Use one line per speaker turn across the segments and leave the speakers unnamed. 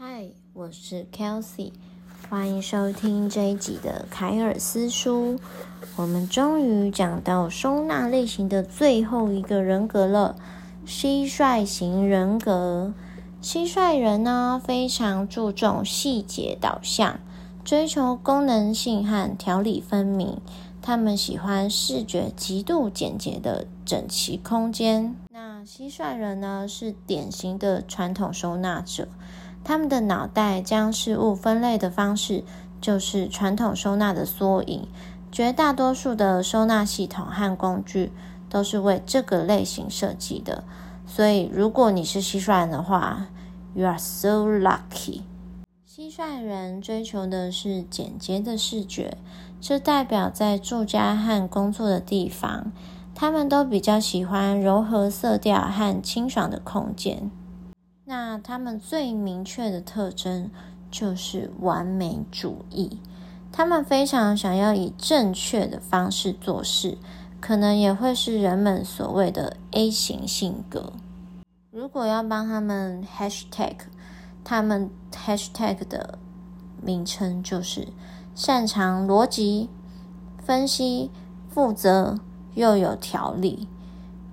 嗨，Hi, 我是 Kelsey，歡迎收聽這一集的凱爾斯書。我們終於講到收納類型的最後一個人格了——蟋蟀型人格。蟋蟀人呢，非常注重細節導向，追求功能性和條理分明。他們喜歡視覺極度簡潔的整齊空間。那蟋蟀人呢，是典型的傳統收納者。他們的腦袋將事物分類的方式，就是傳統收納的縮影。絕大多數的收納系統和工具都是為這個類型設計的。所以，如果你是蟋蟀的話，You are so lucky。蟋蟀人追求的是簡潔的視覺，這代表在住家和工作的地方，他們都比較喜歡柔和色調和清爽的空間。那他們最明確的特徵就是完美主義，他們非常想要以正確的方式做事，可能也會是人們所謂的 A 型性格。如果要幫他們 hashtag，他們 hashtag 的名稱就是擅長邏輯分析、負責又有條理。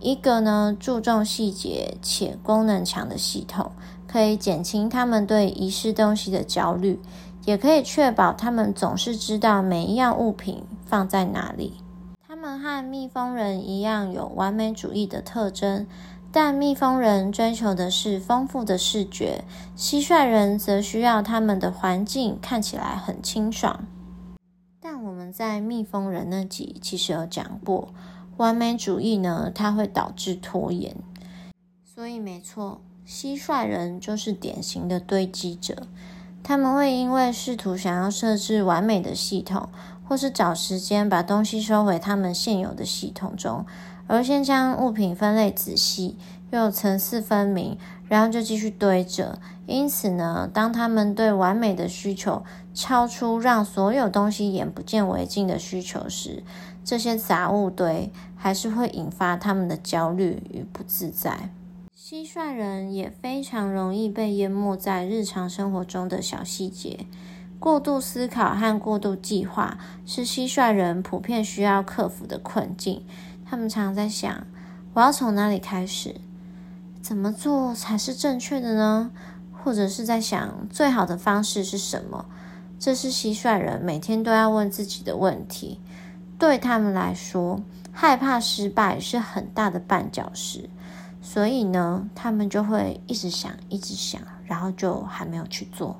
一個呢，注重細節且功能強的系統，可以減輕他們對遺失東西的焦慮，也可以確保他們總是知道每一樣物品放在哪裡。他們和蜜蜂人一樣有完美主義的特徵，但蜜蜂人追求的是豐富的視覺，蟋蟀人則需要他們的環境看起來很清爽。但我們在蜜蜂人那集其實有講過。完美主義呢，它會導致拖延。所以沒錯，蟋蟀人就是典型的堆積者。他們會因為試圖想要設置完美的系統，或是找時間把東西收回他們現有的系統中，而先將物品分類仔細，又層次分明，然後就繼續堆着。因此呢，當他們對完美的需求超出讓所有東西眼不見為淨的需求時，這些雜物堆還是會引發他們的焦慮與不自在。蟋蟀人也非常容易被淹沒在日常生活中的小細節，過度思考和過度計劃是蟋蟀人普遍需要克服的困境。他們常在想：我要從哪裡開始？怎麼做才是正確的呢？或者是在想最好的方式是什麼？這是蟋蟀人每天都要問自己的問題。對他們來說，害怕失敗是很大的絆腳石，所以呢，他們就會一直想，一直想，然後就還沒有去做。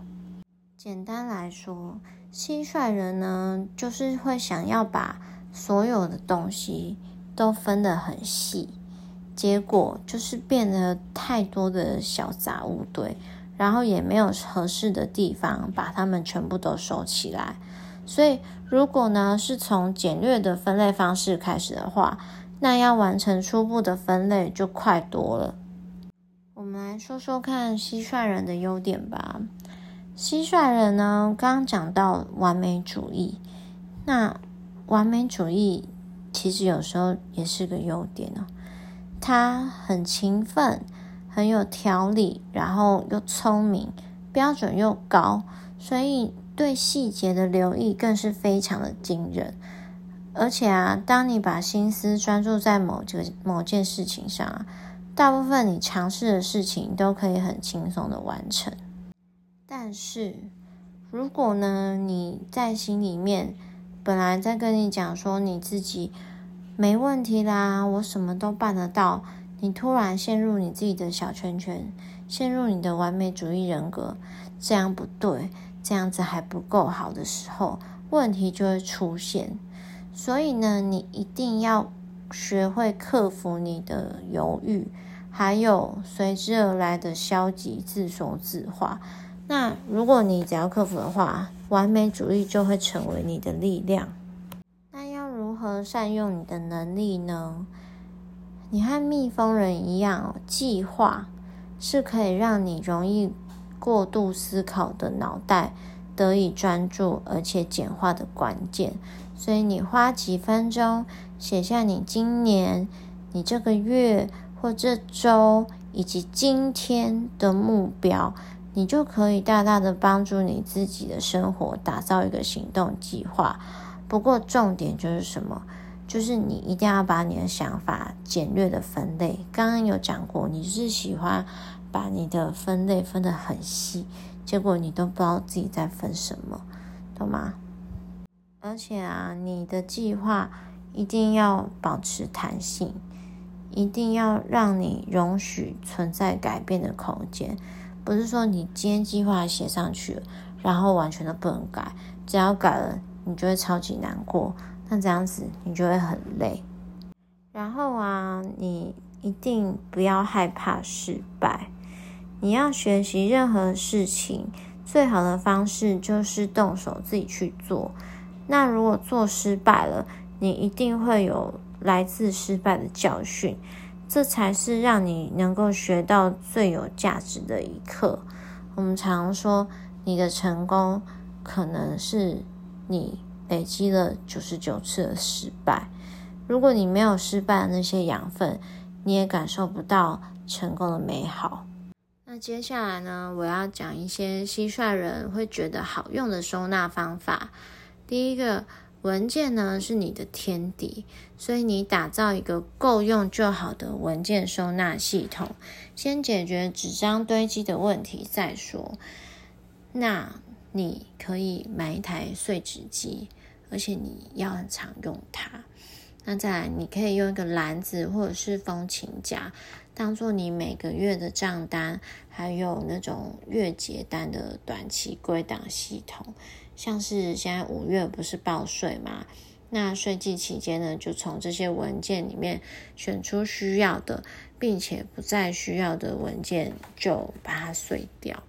簡單來說，蟋蟀人呢，就是會想要把所有的東西都分得很細，結果就是變得太多的小雜物堆，然後也沒有合適的地方把它們全部都收起來。所以，如果呢是從簡略的分類方式開始的話，那要完成初步的分類就快多了。我們來說說看，蟋蟀人的優點吧。蟋蟀人呢，剛剛講到完美主義，那完美主義其實有時候也是個優點哦。他很勤奮，很有條理，然後又聰明，標準又高，所以。對細節的留意更是非常的驚人，而且啊，當你把心思專注在某某件事情上啊，大部分你嘗試的事情都可以很輕鬆的完成。但是，如果呢，你在心裡面，本來在跟你講說你自己沒問題啦，我什麼都辦得到，你突然陷入你自己的小圈圈，陷入你的完美主義人格，這樣不對，這樣子還不夠好的時候，問題就會出現。所以呢，你一定要學會克服你的猶豫，還有隨之而來的消極、自說自話。那如果你只要克服的話，完美主義就會成為你的力量。那要如何善用你的能力呢？你和蜜蜂人一樣哦，計劃是可以讓你容易。過度思考的腦袋得以專注而且簡化的關鍵，所以你花幾分鐘寫下你今年、你這個月或這周以及今天的目標，你就可以大大的幫助你自己的生活打造一個行動計劃。不過重點就是什麼？就是你一定要把你的想法簡略的分類。剛剛有講過，你是喜歡把你的分類分得很細，結果你都不知道自己在分什麼，懂嗎？而且啊，你的計劃一定要保持彈性，一定要讓你容許存在改變的空間。不是說你今天計劃寫上去了，然後完全都不能改，只要改了你就會超級難過，那這樣子你就會很累。然後啊，你一定不要害怕失敗。你要學習任何事情，最好的方式就是動手自己去做。那如果做失敗了，你一定會有來自失敗的教訓，這才是讓你能夠學到最有價值的一課。我們常說，你的成功可能是你累積了九十九次的失敗。如果你沒有失敗的那些養分，你也感受不到成功的美好。那接下來呢，我要講一些蟋蟀人會覺得好用的收納方法。第一個，文件呢，是你的天敵，所以你打造一個夠用就好的文件收納系統，先解決紙張堆積的問題再說。那你可以買一台碎紙機，而且你要很常用它。那再來，你可以用一個籃子或者是風琴夾。當做你每個月的賬單，還有那種月結單的短期歸檔系統，像是現在五月不是報稅嘛？那稅季期間呢，就從這些文件裡面選出需要的，並且不再需要的文件就把它碎掉。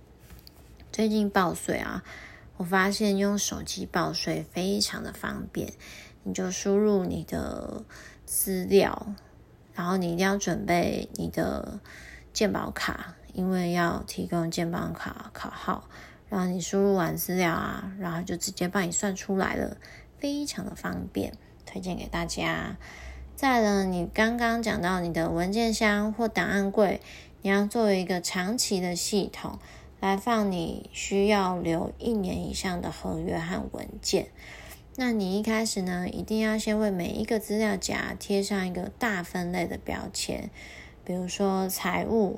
最近報稅啊，我發現用手機報稅非常的方便，你就輸入你的資料。然後你一定要準備你的健保卡，因為要提供健保卡卡號。然後你輸入完資料啊，然後就直接幫你算出來了，非常的方便，推薦給大家。再來呢，你剛剛講到你的文件箱或檔案櫃，你要作為一個長期的系統來放你需要留一年以上的合約和文件。那你一開始呢，一定要先為每一個資料夾貼上一個大分類的標籤，比如說財務，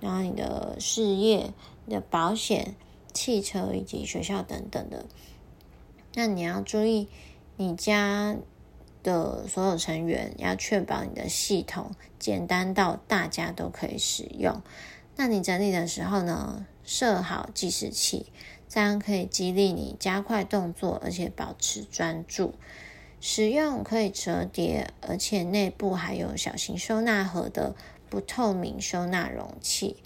然後你的事業、你的保險、汽車以及學校等等的。那你要注意，你家的所有成員要確保你的系統簡單到大家都可以使用。那你整理的時候呢，設好計時器。這樣可以激勵你加快動作，而且保持專注。使用可以折疊，而且內部還有小型收納盒的不透明收納容器。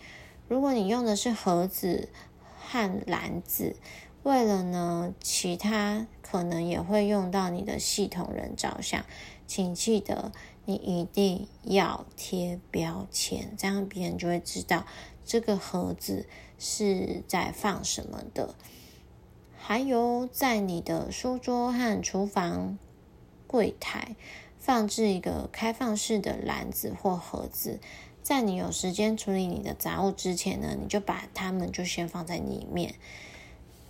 如果你用的是盒子和籃子，為了呢其他可能也會用到你的系統人着想，請記得你一定要貼標籤，這樣別人就會知道這個盒子。是在放什麼的？還有，在你的書桌和廚房櫃檯放置一個開放式的籃子或盒子，在你有時間處理你的雜物之前呢，你就把它們就先放在裡面。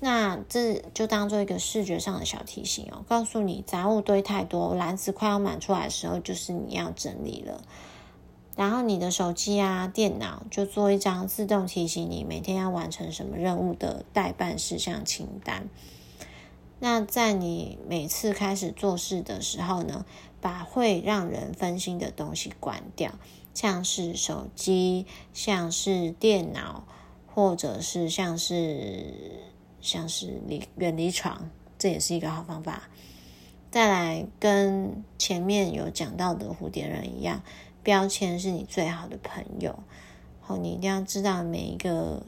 那這就當做一個視覺上的小提醒哦，告訴你雜物堆太多，籃子快要滿出來的時候，就是你要整理了。然後你的手機啊、電腦就做一張自動提醒你每天要完成什麼任務的待辦事項清單。那在你每次開始做事的時候呢，把會讓人分心的東西關掉，像是手機、像是電腦，或者是像是，像是離遠離床，這也是一個好方法。再來，跟前面有講到的蝴蝶人一樣。標籤是你最好的朋友，然後，你一定要知道每一個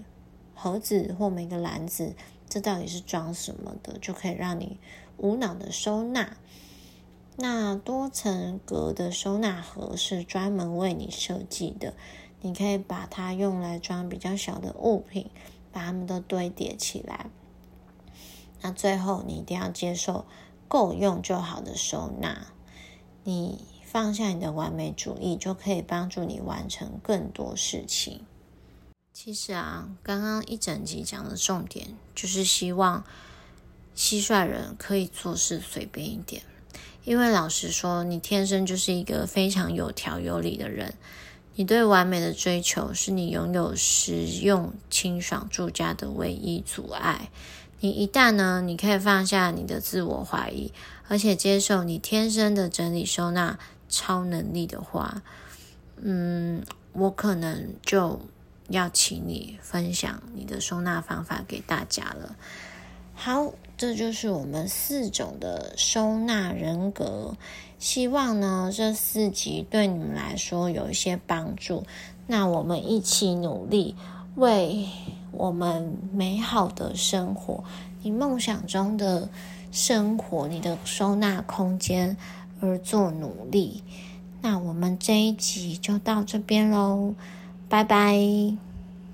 盒子或每個籃子，這到底是裝什麼的，就可以讓你無腦的收納。那多層格的收納盒是專門為你設計的，你可以把它用來裝比較小的物品，把它們都堆疊起來。那最後你一定要接受夠用就好的收納，你放下你的完美主義，就可以幫助你完成更多事情。其實啊，剛剛一整集講的重點就是希望蟋蟀人可以做事隨便一點，因為老實說，你天生就是一個非常有條有理的人。你對完美的追求是你擁有實用、清爽住家的唯一阻礙。你一旦呢，你可以放下你的自我懷疑，而且接受你天生的整理收納超能力的話，嗯，我可能就要請你分享你的收納方法給大家了。好，這就是我們四種的收納人格。希望呢，這四集對你們來說有一些幫助。那我們一起努力，為我們美好的生活，你夢想中的生活，你的收納空間。而做努力，那我們這一集就到這邊嘍，拜拜。